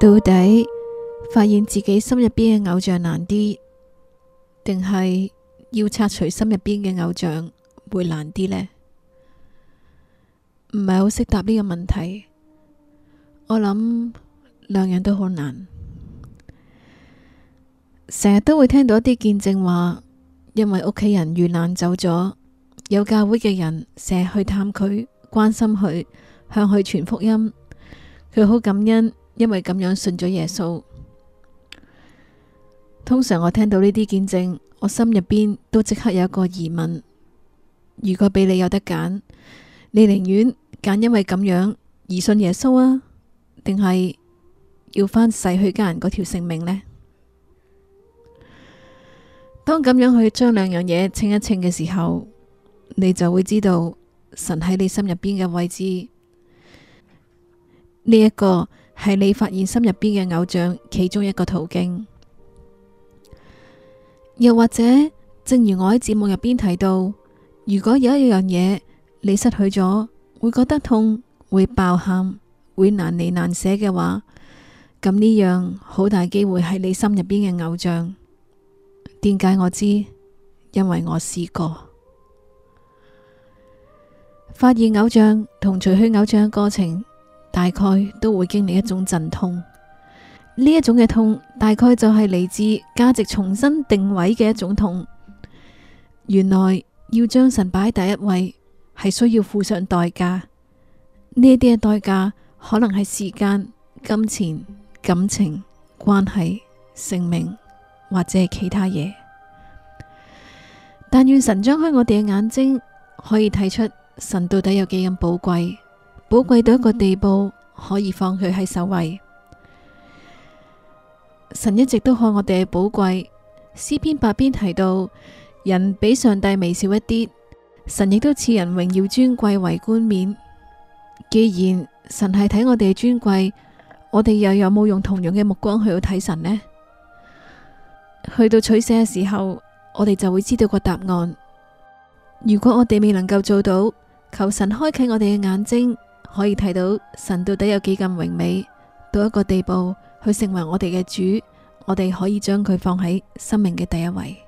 到底發現自己心入邊嘅偶像難啲，定係要拆除心入邊嘅偶像會難啲呢？唔係好識答呢個問題。我諗兩樣都好難。成日都會聽到一啲見證話，因為屋企人遇難走咗，有教會嘅人成日去探佢，關心佢，向佢傳福音，佢好感恩。因為咁樣信咗耶穌，通常我聽到呢啲見證，我心入邊都即刻有一個疑問：如果俾你有得揀，你寧願揀因為咁樣而信耶穌啊，定係要返逝去家人嗰條性命呢？當咁樣去將兩樣嘢稱一稱嘅時候，你就會知道神喺你心入邊嘅位置呢一個、這個係你發現心入邊嘅偶像其中一個途徑，又或者，正如我喺節目入邊提到，如果有一樣嘢你失去咗，會覺得痛、會爆喊、會難離難捨嘅話，咁呢樣好大機會係你心入邊嘅偶像。點解我知？因為我試過發現偶像同除去偶像嘅過程。大概都會經歷一種陣痛，呢一種嘅痛大概就係嚟自價值重新定位嘅一種痛。原來要將神擺喺第一位，係需要付上代價。呢啲嘅代價可能係時間、金錢、感情、關係、性命或者係其他嘢。但願神張開我哋嘅眼睛，可以睇出神到底有幾咁寶貴。寶貴到一個地步，可以放佢喺首位。神一直都看我哋嘅寶貴。詩篇八篇提到，人比上帝微小一啲，神亦都賜人榮耀尊貴為冠冕。既然神係睇我哋嘅尊貴，我哋又有冇用同樣嘅目光去睇神呢？去到取捨嘅時候，我哋就會知道個答案。如果我哋未能夠做到，求神開啟我哋嘅眼睛。可以睇到神到底有幾咁榮美，到一個地步，去成為我哋嘅主，我哋可以將佢放喺生命嘅第一位。